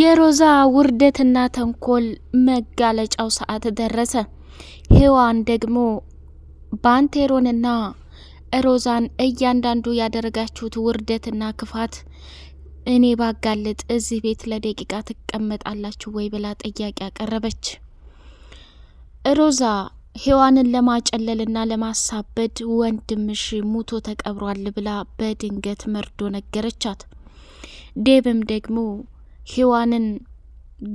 የሮዛ ውርደትና ተንኮል መጋለጫው ሰዓት ደረሰ። ሔዋን ደግሞ ባንቴሮንና ሮዛን እያንዳንዱ ያደረጋችሁት ውርደትና ክፋት እኔ ባጋለጥ እዚህ ቤት ለደቂቃ ትቀመጣላችሁ ወይ ብላ ጥያቄ አቀረበች። ሮዛ ሔዋንን ለማጨለልና ለማሳበድ ወንድምሽ ሙቶ ተቀብሯል ብላ በድንገት መርዶ ነገረቻት። ዴብም ደግሞ ሂዋንን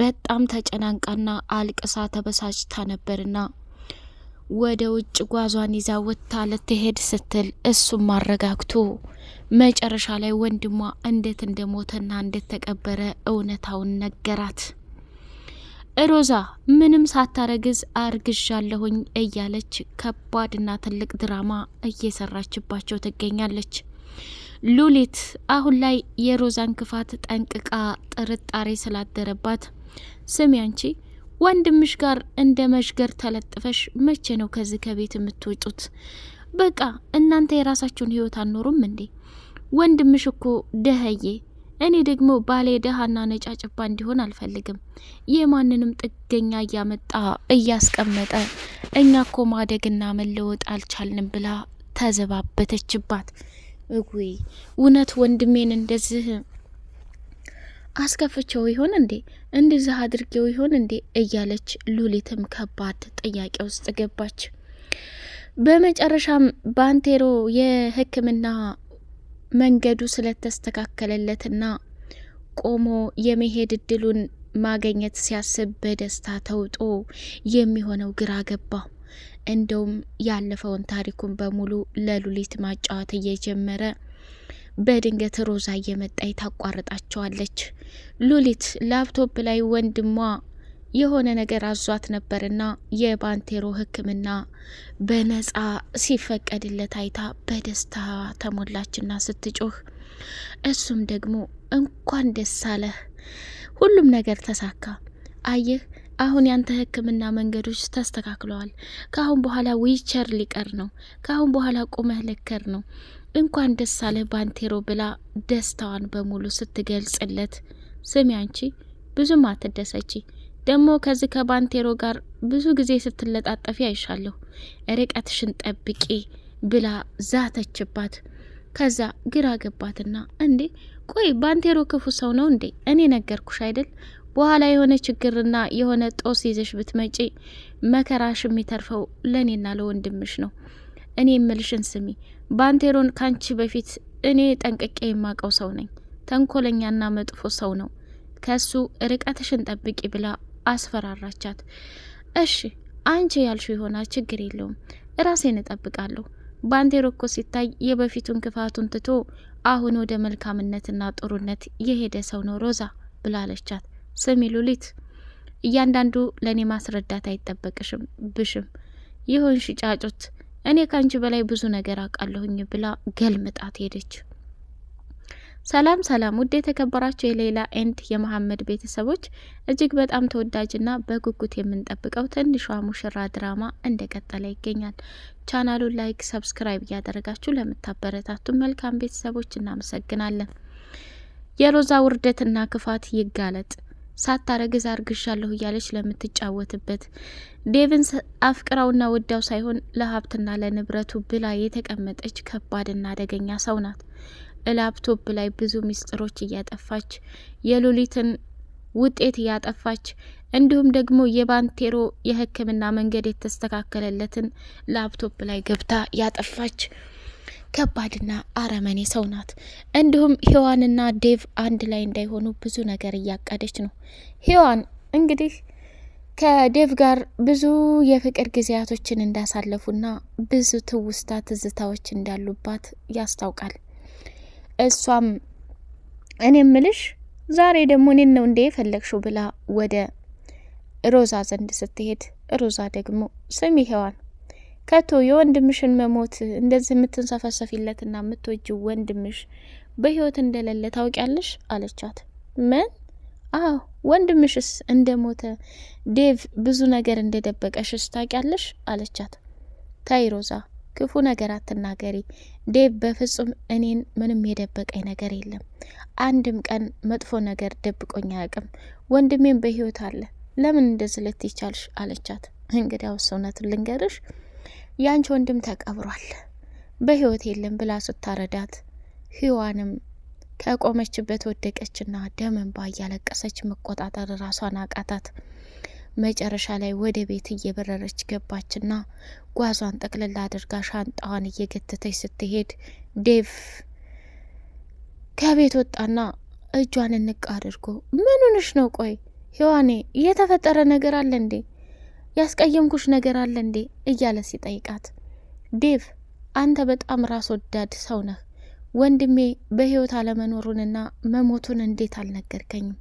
በጣም ተጨናንቃና አልቅሳ ተበሳጭታ ነበርና ወደ ውጭ ጓዟን ይዛ ወጥታ ልትሄድ ስትል እሱም አረጋግቶ መጨረሻ ላይ ወንድሟ እንዴት እንደሞተና እንዴት ተቀበረ እውነታውን ነገራት። ሮዛ ምንም ሳታረግዝ አርግዣለሁኝ እያለች ከባድና ትልቅ ድራማ እየሰራችባቸው ትገኛለች። ሉሊት አሁን ላይ የሮዛን ክፋት ጠንቅቃ ጥርጣሬ ስላደረባት ስሚ አንቺ ወንድምሽ ጋር እንደ መዥገር ተለጥፈሽ መቼ ነው ከዚህ ከቤት የምትወጡት? በቃ እናንተ የራሳችሁን ህይወት አልኖሩም እንዴ? ወንድምሽ እኮ ደኸዬ፣ እኔ ደግሞ ባሌ ደሃና ነጫጭባ እንዲሆን አልፈልግም። የማንንም ጥገኛ እያመጣ እያስቀመጠ እኛ ኮ ማደግና መለወጥ አልቻልንም ብላ ተዘባበተችባት። እጉይ እውነት ወንድሜን እንደዚህ አስከፍቸው ይሆን እንዴ? እንደዚህ አድርጌው ይሆን እንዴ? እያለች ሉሊትም ከባድ ጥያቄ ውስጥ ገባች። በመጨረሻም ባንቴሮ የሕክምና መንገዱ ስለተስተካከለለትና ቆሞ የመሄድ እድሉን ማገኘት ሲያስብ በደስታ ተውጦ የሚሆነው ግራ ገባ። እንደውም ያለፈውን ታሪኩን በሙሉ ለሉሊት ማጫወት እየጀመረ በድንገት ሮዛ እየመጣይ ታቋርጣቸዋለች። ሉሊት ላፕቶፕ ላይ ወንድሟ የሆነ ነገር አዟት ነበርና የባንቴሮ ሕክምና በነጻ ሲፈቀድለት አይታ በደስታ ተሞላችና ስትጮህ እሱም ደግሞ እንኳን ደስ አለህ፣ ሁሉም ነገር ተሳካ፣ አየህ አሁን ያንተ ህክምና መንገዶች ተስተካክለዋል። ከአሁን በኋላ ዊቸር ሊቀር ነው። ከአሁን በኋላ ቁመህ ልከር ነው። እንኳን ደስ አለህ ባንቴሮ ብላ ደስታዋን በሙሉ ስትገልጽለት፣ ስሚ አንቺ ብዙም አትደሰቺ ደግሞ ከዚህ ከባንቴሮ ጋር ብዙ ጊዜ ስትለጣጠፊ አይሻለሁ። ርቀትሽን ጠብቂ ብላ ዛተችባት። ከዛ ግራ ገባትና እንዴ ቆይ ባንቴሮ ክፉ ሰው ነው እንዴ? እኔ ነገርኩሽ አይደል በኋላ የሆነ ችግርና የሆነ ጦስ ይዘሽ ብትመጪ መከራሽ የሚተርፈው ለእኔና ለወንድምሽ ነው። እኔ የምልሽን ስሚ ባንቴሮን ካንቺ በፊት እኔ ጠንቅቄ የማቀው ሰው ነኝ። ተንኮለኛና መጥፎ ሰው ነው። ከሱ ርቀትሽን ጠብቂ ብላ አስፈራራቻት። እሺ አንቺ ያልሽው የሆነ ችግር የለውም ራሴን እጠብቃለሁ። ባንቴሮ እኮ ሲታይ የበፊቱን ክፋቱን ትቶ አሁን ወደ መልካምነትና ጥሩነት የሄደ ሰው ነው ሮዛ ብላለቻት። ስሚ ሉሊት፣ እያንዳንዱ ለእኔ ማስረዳት አይጠበቅሽም ብሽም ይሁን ሽጫጩት እኔ ከአንቺ በላይ ብዙ ነገር አውቃለሁኝ ብላ ገልምጣት ሄደች። ሰላም ሰላም! ውድ የተከበራቸው የሌላ ኤንድ የመሀመድ ቤተሰቦች እጅግ በጣም ተወዳጅና በጉጉት የምንጠብቀው ትንሿ ሙሽራ ድራማ እንደ ቀጠለ ይገኛል። ቻናሉን ላይክ፣ ሰብስክራይብ እያደረጋችሁ ለምታበረታቱ መልካም ቤተሰቦች እናመሰግናለን። የሮዛ ውርደትና ክፋት ይጋለጥ ሳታረግዝ አርግሻለሁ እያለች ለምትጫወትበት ዴቭን አፍቅራውና ወዳው ሳይሆን ለሀብትና ለንብረቱ ብላ የተቀመጠች ከባድና አደገኛ ሰው ናት። ላፕቶፕ ላይ ብዙ ሚስጥሮች እያጠፋች የሉሊትን ውጤት እያጠፋች እንዲሁም ደግሞ የባንቴሮ የሕክምና መንገድ የተስተካከለለትን ላፕቶፕ ላይ ገብታ ያጠፋች ከባድና አረመኔ ሰው ናት። እንዲሁም ሔዋንና ዴቭ አንድ ላይ እንዳይሆኑ ብዙ ነገር እያቃደች ነው። ሔዋን እንግዲህ ከዴቭ ጋር ብዙ የፍቅር ጊዜያቶችን እንዳሳለፉና ብዙ ትውስታ ትዝታዎች እንዳሉባት ያስታውቃል። እሷም እኔ ምልሽ ዛሬ ደግሞ እኔን ነው እንደ የፈለግሽው ብላ ወደ ሮዛ ዘንድ ስትሄድ ሮዛ ደግሞ ስሚ ሔዋን ከቶ የወንድምሽን መሞት እንደዚህ የምትንሰፈሰፊለትና የምትወጂው ወንድምሽ በህይወት እንደሌለ ታውቂያለሽ አለቻት። ምን? አዎ ወንድምሽስ እንደሞተ ዴቭ ብዙ ነገር እንደደበቀሽስ ታውቂያለሽ አለቻት። ታይሮዛ ሮዛ ክፉ ነገር አትናገሪ። ዴቭ በፍጹም እኔን ምንም የደበቀኝ ነገር የለም። አንድም ቀን መጥፎ ነገር ደብቆኝ አያውቅም። ወንድሜም በህይወት አለ። ለምን እንደዚህ ልትይቻልሽ? አለቻት። እንግዲያውስ እውነቱን ልንገርሽ ያንቺ ወንድም ተቀብሯል በህይወት የለም ብላ ስታረዳት ህዋንም ከቆመችበት ወደቀችና ደም እንባ እያለቀሰች መቆጣጠር ራሷን አቃታት። መጨረሻ ላይ ወደ ቤት እየበረረች ገባችና ጓዟን ጠቅልላ አድርጋ ሻንጣዋን እየገተተች ስትሄድ ዴቭ ከቤት ወጣና እጇን እንቅ አድርጎ ምን ሆነሽ ነው? ቆይ ህዋኔ፣ እየተፈጠረ ነገር አለ እንዴ? ያስቀየምኩሽ ነገር አለ እንዴ እያለ ሲጠይቃት ዴቭ አንተ በጣም ራስ ወዳድ ሰው ነህ። ወንድሜ በህይወት አለመኖሩንና መሞቱን እንዴት አልነገርከኝም?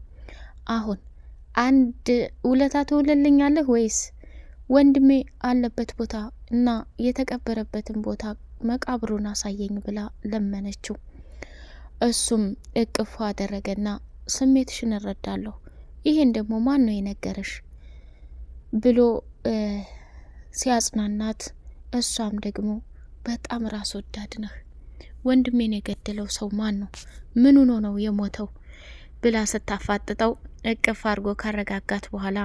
አሁን አንድ ውለታ ትውልልኛለህ ወይስ ወንድሜ አለበት ቦታ እና የተቀበረበትን ቦታ መቃብሩን አሳየኝ ብላ ለመነችው። እሱም እቅፉ አደረገና ስሜትሽን እረዳለሁ፣ ይህን ደግሞ ማን ነው የነገረሽ? ብሎ ሲያጽናናት እሷም ደግሞ በጣም ራስ ወዳድ ነህ፣ ወንድሜን የገደለው ሰው ማን ነው? ምን ሆኖ ነው የሞተው? ብላ ስታፋጥጠው እቅፍ አድርጎ ካረጋጋት በኋላ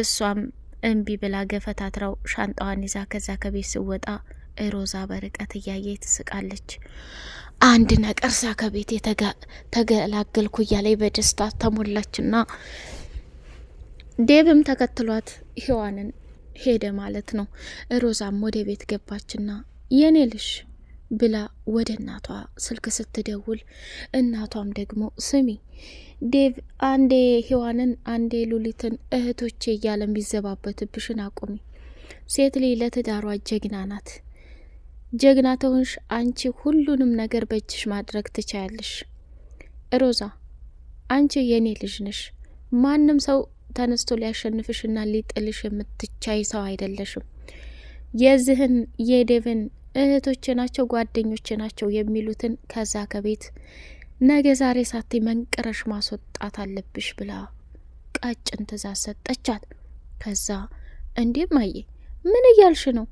እሷም እምቢ ብላ ገፈታትራው ሻንጣዋን ይዛ ከዛ ከቤት ስወጣ ሮዛ በርቀት እያየ ትስቃለች። አንድ ነቀርሳ ከቤት ተገላገልኩ እያለች በደስታ ተሞላችና ዴብም ተከትሏት ሔዋንን ሄደ ማለት ነው። ሮዛም ወደ ቤት ገባችና የኔ ልሽ ብላ ወደ እናቷ ስልክ ስትደውል እናቷም ደግሞ ስሚ ዴቭ አንዴ ሔዋንን አንዴ ሉሊትን እህቶቼ እያለ ቢዘባበትብሽን አቁሚ። ሴት ልጅ ለትዳሯ ጀግና ናት። ጀግና ተሆንሽ አንቺ ሁሉንም ነገር በእጅሽ ማድረግ ትቻያለሽ። ሮዛ አንቺ የኔ ልጅ ነሽ። ማንም ሰው ተነስቶ ሊያሸንፍሽና ሊጥልሽ የምትቻይ ሰው አይደለሽም። የዚህን የዴቭን እህቶች ናቸው ጓደኞች ናቸው የሚሉትን ከዛ ከቤት ነገ ዛሬ ሳት መንቅረሽ ማስወጣት አለብሽ ብላ ቀጭን ትእዛዝ ሰጠቻት። ከዛ እንዴም አየ ምን እያልሽ ነው?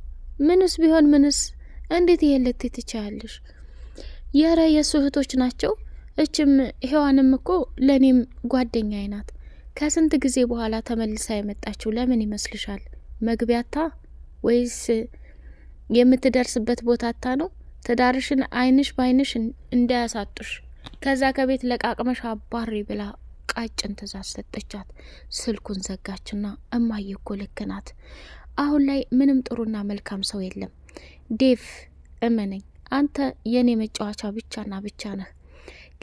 ምንስ ቢሆን ምንስ እንዴት ይሄ ልት ትችያለሽ? የረ የሱ እህቶች ናቸው። እችም ሔዋንም እኮ ለእኔም ጓደኛዬ ናት። ከስንት ጊዜ በኋላ ተመልሳ የመጣችው ለምን ይመስልሻል? መግቢያታ ወይስ የምትደርስበት ቦታታ ነው? ትዳርሽን አይንሽ ባይንሽ እንዳያሳጡሽ ከዛ ከቤት ለቃቅመሽ አባሪ ብላ ቃጭን ትእዛዝ ሰጠቻት። ስልኩን ዘጋችና እማዬ እኮ ልክ ናት። አሁን ላይ ምንም ጥሩና መልካም ሰው የለም ዴቭ፣ እመነኝ አንተ የእኔ መጫወቻ ብቻና ብቻ ነህ።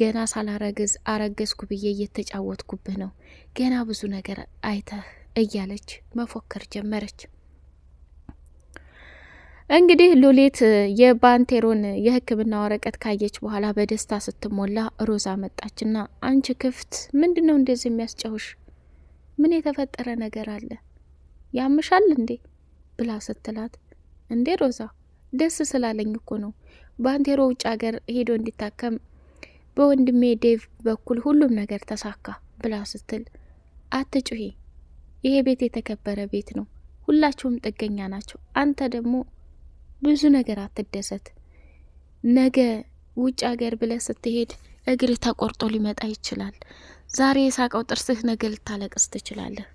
ገና ሳላረግዝ አረገዝኩ ብዬ እየተጫወትኩብህ ነው፣ ገና ብዙ ነገር አይተህ እያለች መፎከር ጀመረች። እንግዲህ ሉሊት የባንቴሮን የሕክምና ወረቀት ካየች በኋላ በደስታ ስትሞላ ሮዛ መጣችና አንቺ ክፍት ምንድን ነው እንደዚህ የሚያስጨውሽ? ምን የተፈጠረ ነገር አለ? ያምሻል እንዴ? ብላ ስትላት እንዴ ሮዛ ደስ ስላለኝ እኮ ነው ባንቴሮ ውጭ ሀገር ሄዶ እንዲታከም በወንድሜ ዴቭ በኩል ሁሉም ነገር ተሳካ ብላ ስትል አትጩሂ፣ ይሄ ቤት የተከበረ ቤት ነው፣ ሁላችሁም ጥገኛ ናቸው። አንተ ደግሞ ብዙ ነገር አትደሰት። ነገ ውጭ ሀገር ብለህ ስትሄድ እግር ተቆርጦ ሊመጣ ይችላል። ዛሬ የሳቀው ጥርስህ ነገ ልታለቅስ ትችላለህ።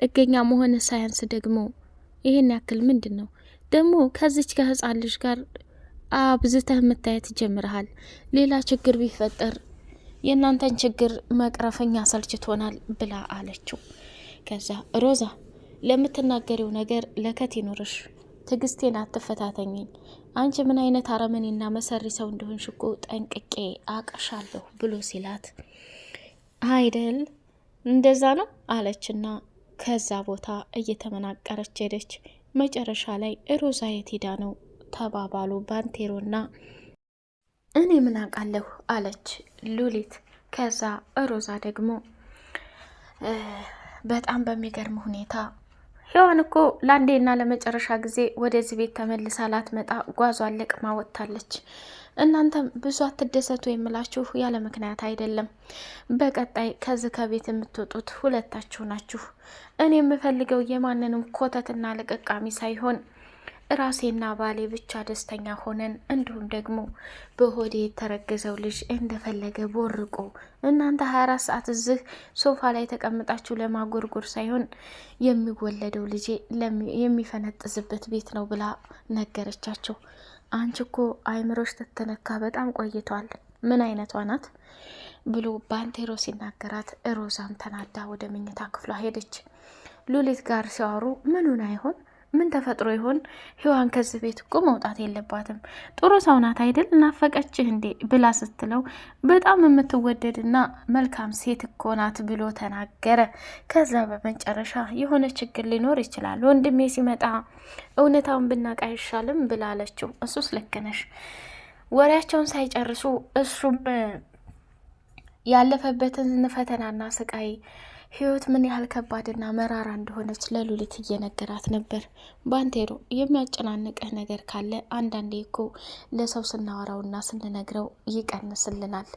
ጥገኛ መሆን ሳያንስ ደግሞ ይህን ያክል ምንድን ነው ደግሞ ከዚች ከህፃን ልጅ ጋር አብዝተህ መታየት ጀምረሃል። ሌላ ችግር ቢፈጠር የእናንተን ችግር መቅረፈኛ ሰልችቶናል ብላ አለችው። ከዛ ሮዛ ለምትናገሪው ነገር ለከት ይኖርሽ፣ ትዕግስቴን አትፈታተኝኝ። አንቺ ምን አይነት አረመኔና መሰሪ ሰው እንደሆንሽ እኮ ጠንቅቄ አቀሻለሁ ብሎ ሲላት አይደል እንደዛ ነው አለችና ከዛ ቦታ እየተመናቀረች ሄደች። መጨረሻ ላይ ሮዛ የት ሄዳ ነው ተባባሉ ባንቴሮና። እኔ ምን አውቃለሁ አለች ሉሊት። ከዛ ሮዛ ደግሞ በጣም በሚገርም ሁኔታ ሔዋን እኮ ለአንዴና ለመጨረሻ ጊዜ ወደዚህ ቤት ተመልሳ ላትመጣ ጓዟን ለቅማ ወጥታለች። እናንተም ብዙ አትደሰቱ የምላችሁ ያለ ምክንያት አይደለም። በቀጣይ ከዚህ ከቤት የምትወጡት ሁለታችሁ ናችሁ። እኔ የምፈልገው የማንንም ኮተትና ልቅቃሚ ሳይሆን ራሴና ባሌ ብቻ ደስተኛ ሆነን እንዲሁም ደግሞ በሆዴ የተረገዘው ልጅ እንደፈለገ ቦርቆ እናንተ 24 ሰዓት እዚህ ሶፋ ላይ ተቀምጣችሁ ለማጎርጎር ሳይሆን የሚወለደው ልጄ የሚፈነጥዝበት ቤት ነው ብላ ነገረቻቸው። አንቺ እኮ አይምሮች ተተነካ በጣም ቆይቷል። ምን አይነቷ ናት ብሎ ባንቴሮ ሲናገራት፣ ሮዛም ተናዳ ወደ መኝታ ክፍሏ ሄደች። ሉሊት ጋር ሲያወሩ ምኑን አይሆን ምን ተፈጥሮ ይሆን? ህዋን ከዚህ ቤት እኮ መውጣት የለባትም ጥሩ ሰው ናት አይደል? እናፈቀችህ እንዴ ብላ ስትለው በጣም የምትወደድና መልካም ሴት እኮ ናት ብሎ ተናገረ። ከዛ በመጨረሻ የሆነ ችግር ሊኖር ይችላል ወንድሜ ሲመጣ እውነታውን ብናውቅ አይሻልም ብላለችው። እሱስ ልክ ነሽ። ወሬያቸውን ሳይጨርሱ እሱም ያለፈበትን ፈተናና ስቃይ ህይወት ምን ያህል ከባድና መራራ እንደሆነች ለሉሊት እየነገራት ነበር። ባንቴሮ የሚያጨናንቅህ ነገር ካለ አንዳንዴ እኮ ለሰው ስናወራውና ስንነግረው ይቀንስልናል።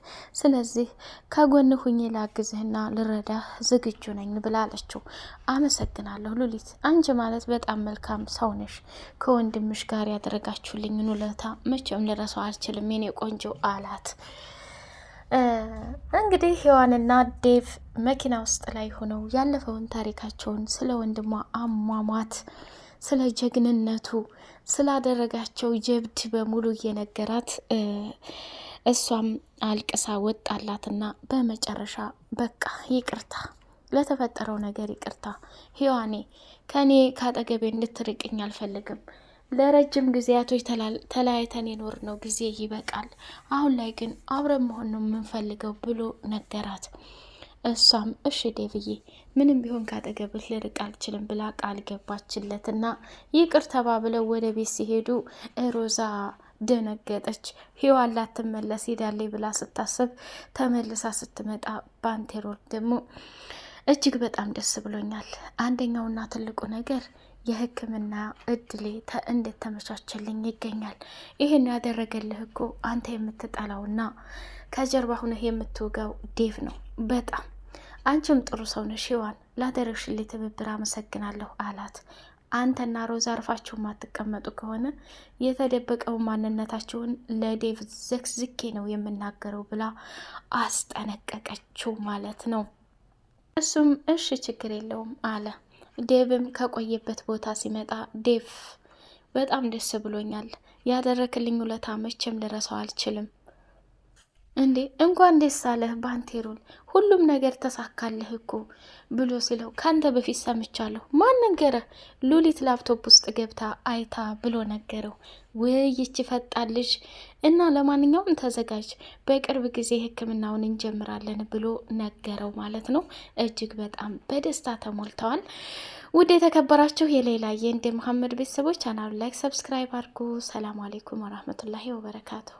ስለዚህ ከጎን ሁኜ ላግዝህና ልረዳህ ዝግጁ ነኝ ብላ አለችው። አመሰግናለሁ ሉሊት፣ አንቺ ማለት በጣም መልካም ሰው ነሽ። ከወንድምሽ ጋር ያደረጋችሁልኝን ውለታ መቼም ልረሳው አልችልም የኔ ቆንጆ አላት። እንግዲህ ሔዋንና ዴቭ መኪና ውስጥ ላይ ሆነው ያለፈውን ታሪካቸውን ስለ ወንድሟ አሟሟት፣ ስለ ጀግንነቱ፣ ስላደረጋቸው ጀብድ በሙሉ እየነገራት እሷም አልቅሳ ወጣላትና በመጨረሻ በቃ ይቅርታ ለተፈጠረው ነገር ይቅርታ ሔዋኔ፣ ከኔ ከአጠገቤ እንድትርቅኝ አልፈልግም ለረጅም ጊዜያቶች ተለያይተን የኖርነው ጊዜ ይበቃል፣ አሁን ላይ ግን አብረን መሆን ነው የምንፈልገው ብሎ ነገራት። እሷም እሺ ደብዬ፣ ምንም ቢሆን ካጠገብህ ልርቅ አልችልም ብላ ቃል ገባችለትና ይቅር ተባብለው ወደ ቤት ሲሄዱ ሮዛ ደነገጠች። ህይዋን ላትመለስ ሄዳለች ብላ ስታስብ ተመልሳ ስትመጣ ባንቴሮል ደግሞ እጅግ በጣም ደስ ብሎኛል። አንደኛውና ትልቁ ነገር የህክምና እድሌ እንደተመቻቸልኝ ይገኛል። ይህን ያደረገልህ እኮ አንተ የምትጠላውና ከጀርባ ሁነህ የምትውገው ዴቭ ነው። በጣም አንቺም ጥሩ ሰው ነሽ ሔዋን፣ ላደረግሽልኝ ትብብር አመሰግናለሁ አላት። አንተና ሮዛ አርፋችሁ ማትቀመጡ ከሆነ የተደበቀው ማንነታችሁን ለዴቭ ዘክዝኬ ነው የምናገረው ብላ አስጠነቀቀችው ማለት ነው። እሱም እሺ ችግር የለውም አለ። ዴቭም ከቆየበት ቦታ ሲመጣ ዴቭ በጣም ደስ ብሎኛል። ያደረክልኝ ውለታ መቼም ልረሳው አልችልም። እንዴ እንኳን ደስ አለህ ባንቴሮን፣ ሁሉም ነገር ተሳካለህ እኮ ብሎ ሲለው ከአንተ በፊት ሰምቻለሁ። ማን ነገረህ? ሉሊት ላፕቶፕ ውስጥ ገብታ አይታ ብሎ ነገረው። ውይይች ፈጣልሽ እና ለማንኛውም ተዘጋጅ፣ በቅርብ ጊዜ ሕክምናውን እንጀምራለን ብሎ ነገረው ማለት ነው። እጅግ በጣም በደስታ ተሞልተዋል። ውድ የተከበራችሁ የሌላ የእንዴ መሐመድ ቤተሰቦች አናሉ ላይክ፣ ሰብስክራይብ አድርጉ። ሰላም አሌይኩም ወራህመቱላሂ ወበረካትሁ።